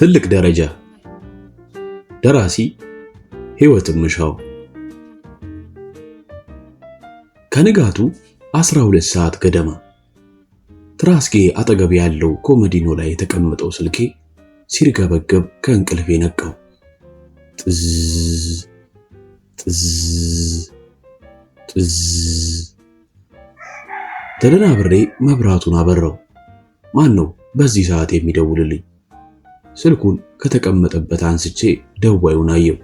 ትልቅ ደረጃ ደራሲ ሕይወት ምሻው ከንጋቱ 12 ሰዓት ገደማ ትራስጌ አጠገብ ያለው ኮመዲኖ ላይ የተቀመጠው ስልኬ ሲርገበገብ ከእንቅልፌ ነቃው። ጥዝ ጥዝ ጥዝ። ተደናብሬ መብራቱን አበራው። ማን ነው በዚህ ሰዓት የሚደውልልኝ? ስልኩን ከተቀመጠበት አንስቼ ደዋዩን አየው።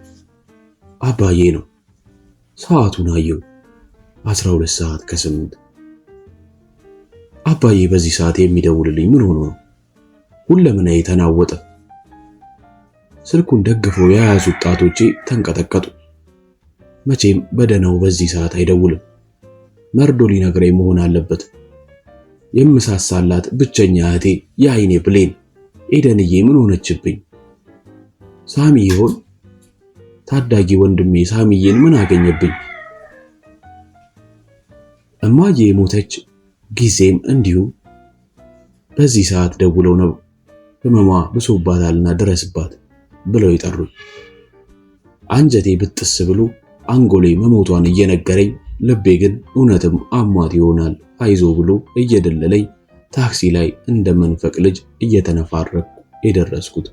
አባዬ ነው። ሰዓቱን አየው። 12 ሰዓት ከስምንት አባዬ በዚህ ሰዓት የሚደውልልኝ ምን ሆኖ ነው? ሁለምናዬ ተናወጠ። ስልኩን ደግፈው የያዙት ጣቶቼ ተንቀጠቀጡ። መቼም በደህናው በዚህ ሰዓት አይደውልም። መርዶ ሊነግረኝ መሆን አለበት። የምሳሳላት ብቸኛ እህቴ የአይኔ ብሌን ኤደንዬ ምን ሆነችብኝ? ሳሚ ይሆን? ታዳጊ ወንድሜ ሳሚዬን ምን አገኘብኝ? እማዬ የሞተች ጊዜም እንዲሁ በዚህ ሰዓት ደውለው ነው ህመሟ ብሶባታልና ድረስባት ብለው የጠሩኝ። አንጀቴ ብጥስ ብሎ አንጎሌ መሞቷን እየነገረኝ ልቤ ግን እውነትም አሟት ይሆናል አይዞ ብሎ እየደለለኝ ታክሲ ላይ እንደ መንፈቅ ልጅ እየተነፋረኩ የደረስኩት።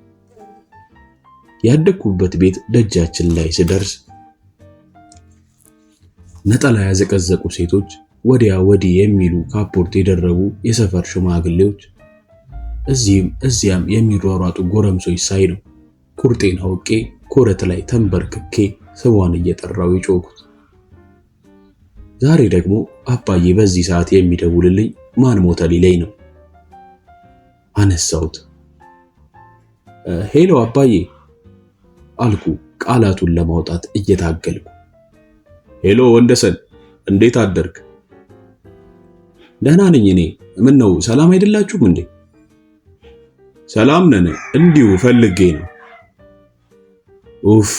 ያደግኩበት ቤት ደጃችን ላይ ስደርስ ነጠላ ያዘቀዘቁ ሴቶች፣ ወዲያ ወዲህ የሚሉ ካፖርት የደረቡ የሰፈር ሽማግሌዎች፣ እዚህም እዚያም የሚሯሯጡ ጎረምሶች ሳይ ነው ቁርጤን አውቄ ኮረት ላይ ተንበርክኬ ስሟን እየጠራው የጮኩት። ዛሬ ደግሞ አባዬ በዚህ ሰዓት የሚደውልልኝ ማን ሞተ ሊለኝ ነው። አነሳሁት። ሄሎ አባዬ አልኩ ቃላቱን ለማውጣት እየታገልኩ። ሄሎ ወንደሰን እንዴት አደርግ? ደህና ነኝ እኔ። ምን ነው ሰላም አይደላችሁም እንዴ? ሰላም ነን፣ እንዲሁ ፈልጌ ነው። ኡፍ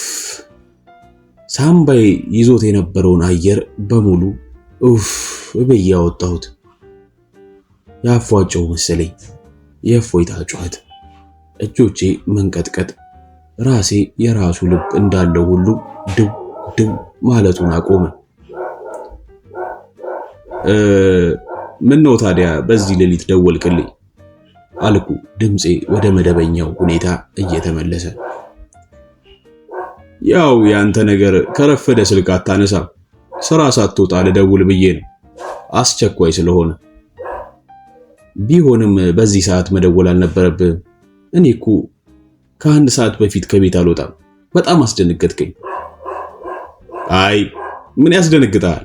ሳምባይ ይዞት የነበረውን አየር በሙሉ ኡፍ ብዬ አወጣሁት። ያፏጨው መሰለኝ የእፎይታ ጩኸት። እጆቼ መንቀጥቀጥ፣ ራሴ የራሱ ልብ እንዳለው ሁሉ ድው ድው ማለቱን አቆመ። ምን ነው ታዲያ በዚህ ሌሊት ደወልክልኝ? አልኩ ድምፄ ወደ መደበኛው ሁኔታ እየተመለሰ። ያው ያንተ ነገር ከረፈደ ስልክ አታነሳም፣ ስራ ሳትወጣ ልደውል ብዬ ነው አስቸኳይ ስለሆነ ቢሆንም በዚህ ሰዓት መደወል አልነበረብህም። እኔ እኮ ከአንድ ሰዓት በፊት ከቤት አልወጣም። በጣም አስደነገጥከኝ። አይ ምን ያስደነግጣል?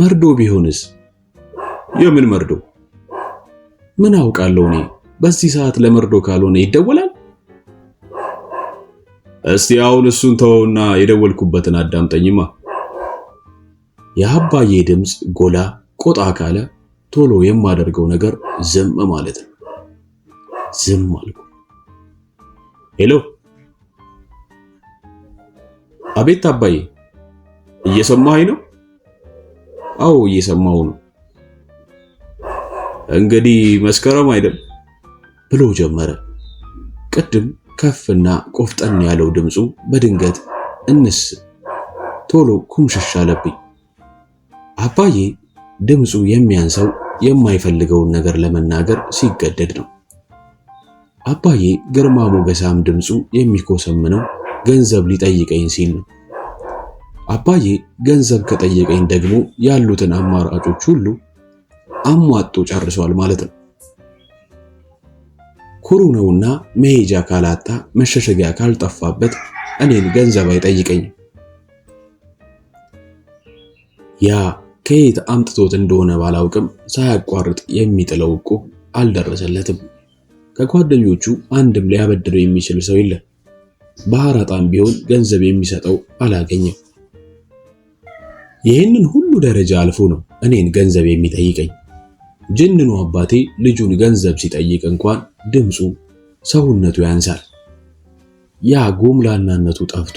መርዶ ቢሆንስ? የምን መርዶ? ምን አውቃለሁ እኔ። በዚህ ሰዓት ለመርዶ ካልሆነ ይደወላል? እስቲ አሁን እሱን ተወውና የደወልኩበትን አዳምጠኝማ። የአባዬ ድምፅ ጎላ ቆጣ ካለ ቶሎ የማደርገው ነገር ዝም ማለት ነው። ዝም አልኩ። ሄሎ፣ አቤት አባዬ፣ እየሰማኸኝ ነው? አዎ እየሰማሁ ነው። እንግዲህ መስከረም አይደል ብሎ ጀመረ። ቅድም ከፍና ቆፍጠን ያለው ድምፁ በድንገት እንስ ቶሎ ኩምሽሽ አለብኝ። አባዬ ድምፁ የሚያንሰው የማይፈልገውን ነገር ለመናገር ሲገደድ ነው። አባዬ ግርማ ሞገሳም ድምፁ የሚኮሰምነው ገንዘብ ሊጠይቀኝ ሲል ነው። አባዬ ገንዘብ ከጠየቀኝ ደግሞ ያሉትን አማራጮች ሁሉ አሟጦ ጨርሷል ማለት ነው። ኩሩ ነውና መሄጃ ካላጣ መሸሸጊያ ካልጠፋበት እኔን ገንዘብ አይጠይቀኝም። ያ ከየት አምጥቶት እንደሆነ ባላውቅም ሳያቋርጥ የሚጥለው ዕቁብ አልደረሰለትም። ከጓደኞቹ አንድም ሊያበድረው የሚችል ሰው የለም። በአራጣም ቢሆን ገንዘብ የሚሰጠው አላገኘም። ይህንን ሁሉ ደረጃ አልፎ ነው እኔን ገንዘብ የሚጠይቀኝ። ጅንኑ አባቴ ልጁን ገንዘብ ሲጠይቅ እንኳን ድምፁ፣ ሰውነቱ ያንሳል። ያ ጎምላናነቱ ጠፍቶ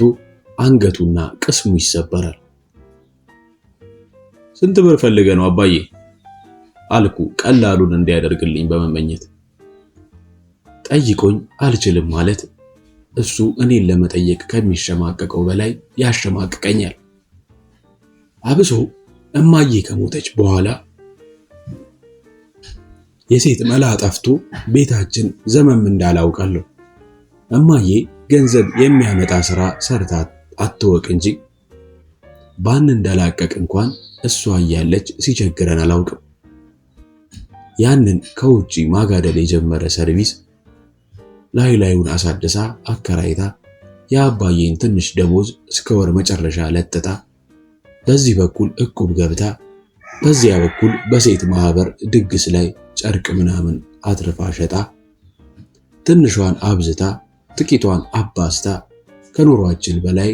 አንገቱና ቅስሙ ይሰበራል። ስንት ብር ፈልገ ነው አባዬ አልኩ ቀላሉን እንዲያደርግልኝ በመመኘት ጠይቆኝ አልችልም ማለት እሱ እኔን ለመጠየቅ ከሚሸማቀቀው በላይ ያሸማቅቀኛል። አብሶ እማዬ ከሞተች በኋላ የሴት መላ ጠፍቶ ቤታችን ዘመም እንዳላውቃለሁ። እማዬ ገንዘብ የሚያመጣ ስራ ሰርታ አትወቅ እንጂ ባን እንዳላቀቅ እንኳን እሷ እያለች ሲቸግረን አላውቅም። ያንን ከውጪ ማጋደል የጀመረ ሰርቪስ ላይ ላዩን አሳድሳ አከራይታ የአባዬን ትንሽ ደሞዝ እስከ ወር መጨረሻ ለጥታ፣ በዚህ በኩል እቁብ ገብታ በዚያ በኩል በሴት ማህበር ድግስ ላይ ጨርቅ ምናምን አትርፋ ሸጣ ትንሿን አብዝታ ጥቂቷን አባስታ ከኑሯችን በላይ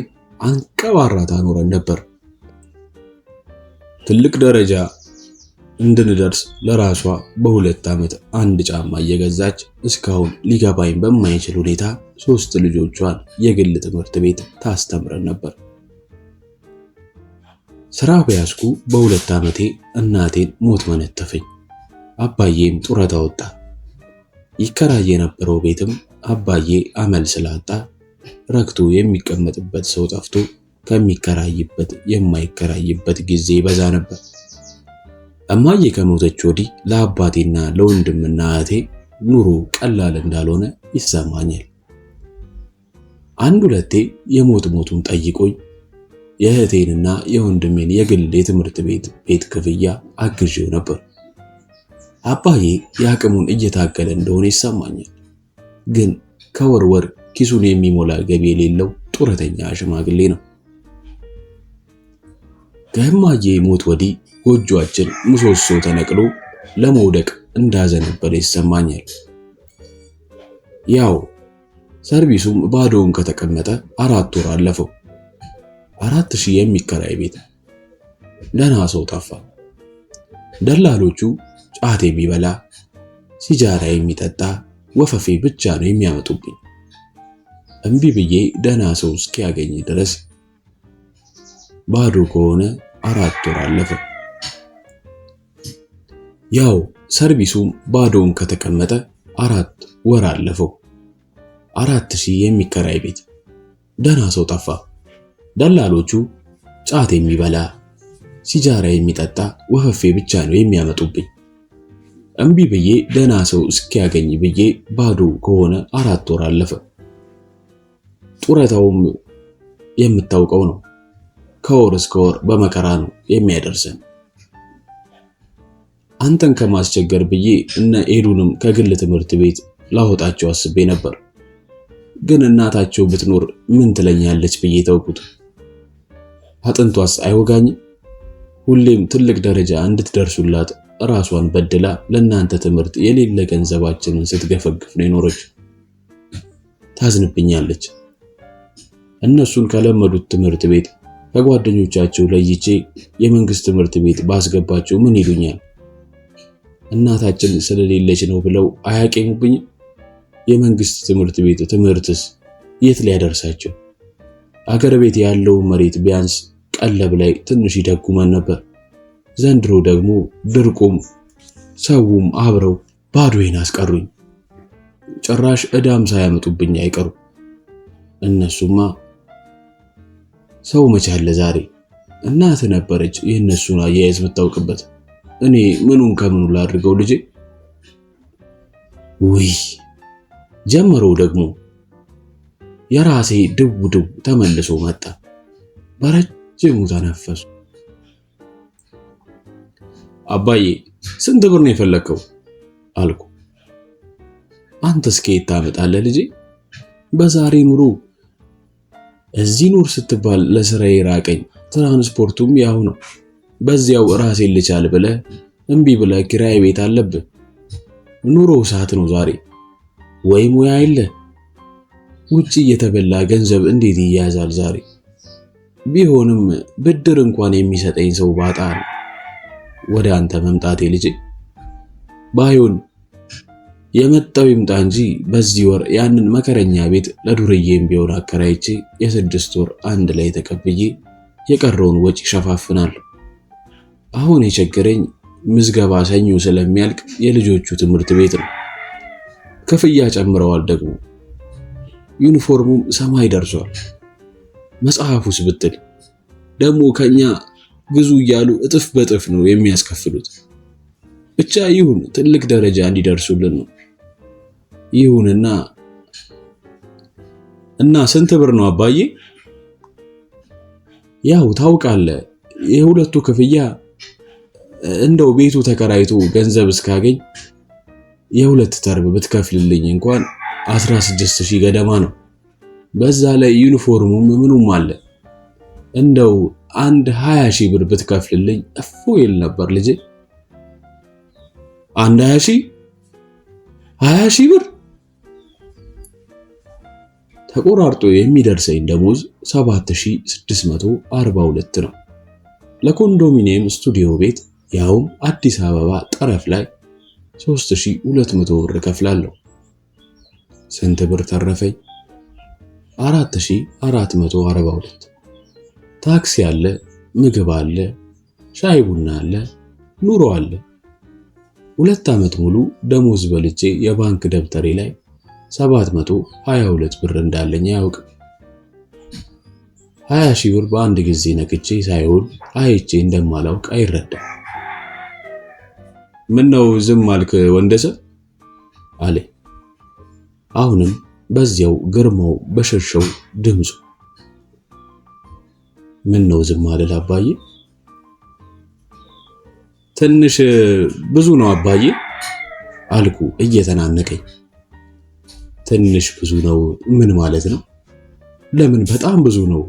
አንቀባራታ ኖረን ነበር። ትልቅ ደረጃ እንድንደርስ ለራሷ በሁለት ዓመት አንድ ጫማ እየገዛች እስካሁን ሊገባኝ በማይችል ሁኔታ ሶስት ልጆቿን የግል ትምህርት ቤት ታስተምረን ነበር። ስራ በያዝኩ በሁለት ዓመቴ እናቴን ሞት መነተፈኝ። አባዬም ጡረታ ወጣ። ይከራይ የነበረው ቤትም አባዬ አመል ስላጣ ረክቶ የሚቀመጥበት ሰው ጠፍቶ ከሚከራይበት የማይከራይበት ጊዜ ይበዛ ነበር። እማዬ ከሞተች ወዲህ ለአባቴና ለወንድምና እህቴ ኑሮ ቀላል እንዳልሆነ ይሰማኛል። አንድ ሁለቴ የሞት ሞቱን ጠይቆኝ የእህቴንና የወንድሜን የግል የትምህርት ቤት ቤት ክፍያ አግዤው ነበር። አባዬ የአቅሙን እየታገለ እንደሆነ ይሰማኛል። ግን ከወር ወር ኪሱን የሚሞላ ገቢ የሌለው ጡረተኛ ሽማግሌ ነው። ከእማዬ ሞት ወዲህ ጎጆአችን ምሰሶ ተነቅሎ ለመውደቅ እንዳዘነበለ ይሰማኛል። ያው ሰርቪሱም ባዶውን ከተቀመጠ አራት ወር አለፈው። አራት ሺህ የሚከራይ ቤት ደህና ሰው ጠፋ። ደላሎቹ ጫት የሚበላ ሲጃራ የሚጠጣ ወፈፌ ብቻ ነው የሚያመጡብኝ። እምቢ ብዬ ደህና ሰው እስኪያገኝ ድረስ ባዶ ከሆነ አራት ወር አለፈ። ያው ሰርቪሱም ባዶውን ከተቀመጠ አራት ወር አለፈው። አራት ሺህ የሚከራይ ቤት ደህና ሰው ጠፋ። ደላሎቹ ጫት የሚበላ ሲጃራ የሚጠጣ ወፈፌ ብቻ ነው የሚያመጡብኝ። እምቢ ብዬ ደህና ሰው እስኪያገኝ ብዬ ባዶ ከሆነ አራት ወር አለፈ። ጡረታውም የምታውቀው ነው። ከወር እስከ ወር በመከራ ነው የሚያደርሰን። አንተን ከማስቸገር ብዬ እነ ኤዱንም ከግል ትምህርት ቤት ላወጣቸው አስቤ ነበር፣ ግን እናታቸው ብትኖር ምን ትለኛለች ብዬ ተውኩት። አጥንቷስ አይወጋኝም? ሁሌም ትልቅ ደረጃ እንድትደርሱላት ራሷን በድላ ለእናንተ ትምህርት የሌለ ገንዘባችንን ስትገፈግፍ ነው የኖረች። ታዝንብኛለች። እነሱን ከለመዱት ትምህርት ቤት ከጓደኞቻቸው ለይቼ የመንግስት ትምህርት ቤት ባስገባቸው ምን ይሉኛል? እናታችን ስለሌለች ነው ብለው አያቄሙብኝም? የመንግስት ትምህርት ቤት ትምህርትስ የት ሊያደርሳቸው? አገር ቤት ያለውን መሬት ቢያንስ ቀለብ ላይ ትንሽ ይደጉመን ነበር። ዘንድሮ ደግሞ ድርቁም ሰውም አብረው ባዶዬን አስቀሩኝ። ጭራሽ ዕዳም ሳያመጡብኝ አይቀሩ እነሱማ ሰው መቼ አለ ዛሬ? እናት ነበረች የእነሱን አያያዝ የምታውቅበት! እኔ ምኑን ከምኑ ላድርገው ልጄ? ውይ ጀመሮ ደግሞ የራሴ ድው ድው ተመልሶ መጣ። በረጅሙ ተነፈሱ። አባዬ ስንት ብር ነው የፈለግከው አልኩ። አንተስ ከየት ታመጣለህ ልጄ? በዛሬ ኑሮ እዚህ ኑር ስትባል ለስራ ይራቀኝ፣ ትራንስፖርቱም ያው ነው፣ በዚያው ራሴ ልቻል ብለ እምቢ ብለ ኪራይ ቤት አለብህ። ኑሮ ሰዓት ነው ዛሬ። ወይ ሙያ የለ ውጪ እየተበላ ገንዘብ እንዴት ይያዛል ዛሬ? ቢሆንም ብድር እንኳን የሚሰጠኝ ሰው ባጣ ወደ አንተ መምጣቴ ልጅ ባይሆን የመጣው ይምጣ እንጂ በዚህ ወር ያንን መከረኛ ቤት ለዱርዬም ቢሆን አከራይቼ የስድስት ወር አንድ ላይ ተቀብዬ የቀረውን ወጪ ይሸፋፍናል። አሁን የቸገረኝ ምዝገባ ሰኞ ስለሚያልቅ የልጆቹ ትምህርት ቤት ነው። ክፍያ ጨምረዋል ደግሞ ዩኒፎርሙም ሰማይ ደርሷል። መጽሐፉስ ብትል ደግሞ ከኛ ግዙ እያሉ እጥፍ በጥፍ ነው የሚያስከፍሉት። ብቻ ይሁን ትልቅ ደረጃ እንዲደርሱልን ነው። ይሁንና እና ስንት ብር ነው አባዬ? ያው ታውቃለህ የሁለቱ ክፍያ እንደው ቤቱ ተከራይቶ ገንዘብ እስካገኝ የሁለት ተርብ ብትከፍልልኝ እንኳን 16 ሺህ ገደማ ነው። በዛ ላይ ዩኒፎርሙም ምኑም አለ። እንደው አንድ 20 ሺህ ብር ብትከፍልልኝ እፎ ይል ነበር ልጄ። አንድ 20 ሺህ 20 ሺህ ብር ተቆራርጦ የሚደርሰኝ ደሞዝ 7642 ነው። ለኮንዶሚኒየም ስቱዲዮ ቤት ያውም አዲስ አበባ ጠረፍ ላይ 3200 ብር ከፍላለሁ። ስንት ብር ተረፈኝ? 4442። ታክሲ አለ፣ ምግብ አለ፣ ሻይ ቡና አለ፣ ኑሮ አለ። ሁለት ዓመት ሙሉ ደሞዝ በልቼ የባንክ ደብተሬ ላይ 722 ብር እንዳለኝ አያውቅም። 20 ሺህ ብር በአንድ ጊዜ ነክቼ ሳይሆን አይቼ እንደማላውቅ አይረዳም። ምን ነው ዝም አልክ ወንደሰ? አለ። አሁንም በዚያው ግርማው በሸሸው ድምፁ ምን ነው ዝም አልል አባዬ? ትንሽ ብዙ ነው አባዬ አልኩ እየተናነቀኝ። ትንሽ ብዙ ነው ምን ማለት ነው? ለምን በጣም ብዙ ነው?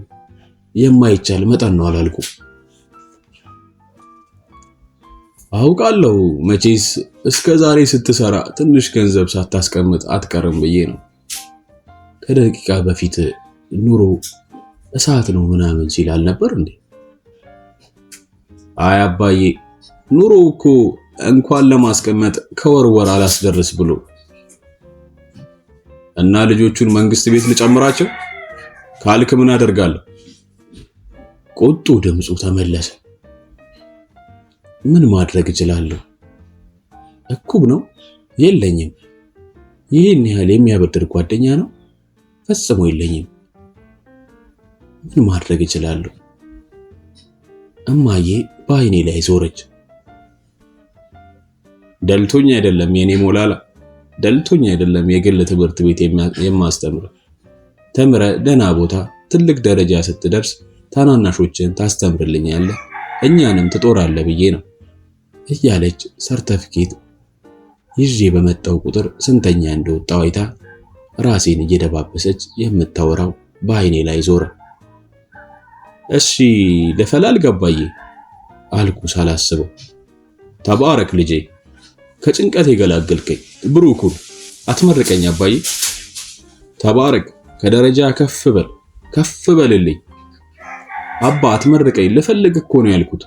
የማይቻል መጠን ነው አላልኩ? አውቃለሁ መቼስ እስከ ዛሬ ስትሰራ ትንሽ ገንዘብ ሳታስቀምጥ አትቀርም ብዬ ነው። ከደቂቃ በፊት ኑሮ እሳት ነው ምናምን ሲል አልነበር እንዴ? አይ አባዬ ኑሮ እኮ እንኳን ለማስቀመጥ ከወርወር አላስደርስ ብሎ እና ልጆቹን መንግስት ቤት ልጨምራቸው ካልክ ምን አደርጋለሁ? ቁጡ ድምፁ ተመለሰ። ምን ማድረግ እችላለሁ? እኩብ ነው የለኝም። ይህን ያህል የሚያበድር ጓደኛ ነው ፈጽሞ የለኝም። ምን ማድረግ እችላለሁ? እማዬ በአይኔ ላይ ዞረች። ደልቶኝ አይደለም የኔ ሞላላ ደልቶኝ አይደለም የግል ትምህርት ቤት የማስተምር። ተምረ ደህና ቦታ ትልቅ ደረጃ ስትደርስ ታናናሾችን ታስተምርልኛለህ፣ እኛንም ትጦራለህ ብዬ ነው እያለች ሰርተፍኬት ይዤ በመጣው ቁጥር ስንተኛ እንደወጣው አይታ ራሴን እየደባበሰች የምታወራው በአይኔ ላይ ዞረ። እሺ ልፈላል ገባዬ አልኩ ሳላስበው። ተባረክ ልጄ ከጭንቀት የገላገልከኝ ብሩኩ አትመርቀኝ አባዬ። ተባረክ፣ ከደረጃ ከፍ በል ከፍ በልልኝ አባ። አትመርቀኝ ልፈልግ እኮ ነው ያልኩት።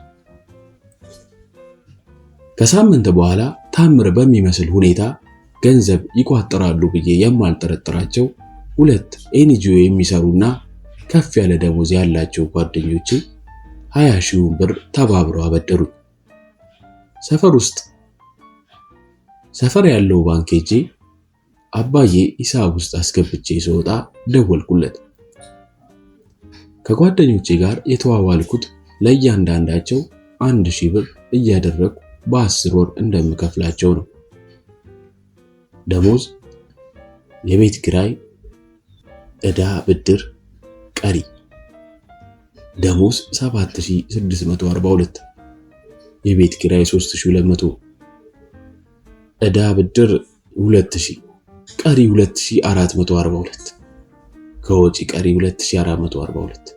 ከሳምንት በኋላ ታምር በሚመስል ሁኔታ ገንዘብ ይቋጥራሉ ብዬ የማልጠረጥራቸው ሁለት ኤንጂኦ የሚሰሩና ከፍ ያለ ደሞዝ ያላቸው ጓደኞቼ ሀያ ሺውን ብር ተባብረው አበደሩኝ። ሰፈር ውስጥ ሰፈር ያለው ባንክ ሄጄ አባዬ ሂሳብ ውስጥ አስገብቼ ስወጣ ደወልኩለት። ከጓደኞቼ ጋር የተዋዋልኩት ለእያንዳንዳቸው አንድ ሺህ ብር እያደረግኩ በአስር ወር እንደምከፍላቸው ነው። ደሞዝ፣ የቤት ኪራይ፣ ዕዳ፣ ብድር፣ ቀሪ ደሞዝ 7642፣ የቤት ኪራይ 3200 ዕዳ ብድር 2000 ቀሪ 2442 ከወጪ ቀሪ 2442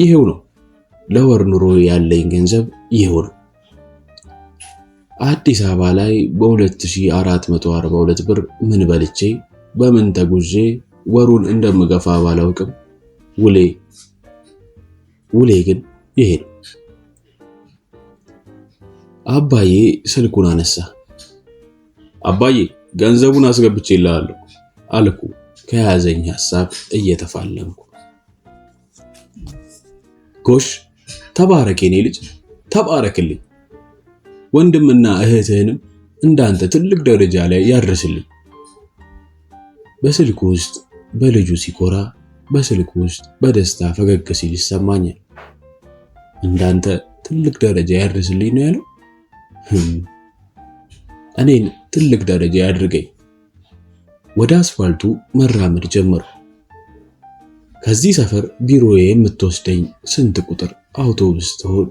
ይሄው ነው። ለወር ኑሮ ያለኝ ገንዘብ ይሄው ነው። አዲስ አበባ ላይ በ2442 ብር ምን በልቼ በምን ተጉዤ ወሩን እንደምገፋ ባላውቅም ውሌ ውሌ ግን ይሄ ነው። አባዬ ስልኩን አነሳ። አባዬ ገንዘቡን አስገብቼልሃለሁ አልኩ ከያዘኝ ሐሳብ እየተፋለምኩ። ጎሽ ተባረክ የኔ ልጅ ተባረክልኝ። ወንድምና እህትህንም እንዳንተ ትልቅ ደረጃ ላይ ያድርስልኝ። በስልኩ ውስጥ በልጁ ሲኮራ፣ በስልኩ ውስጥ በደስታ ፈገግ ሲል ይሰማኛል። እንዳንተ ትልቅ ደረጃ ያድርስልኝ ነው ያለው። እኔን ትልቅ ደረጃ ያድርገኝ። ወደ አስፋልቱ መራመድ ጀመርኩ። ከዚህ ሰፈር ቢሮዬ የምትወስደኝ ስንት ቁጥር አውቶቡስ ትሆን?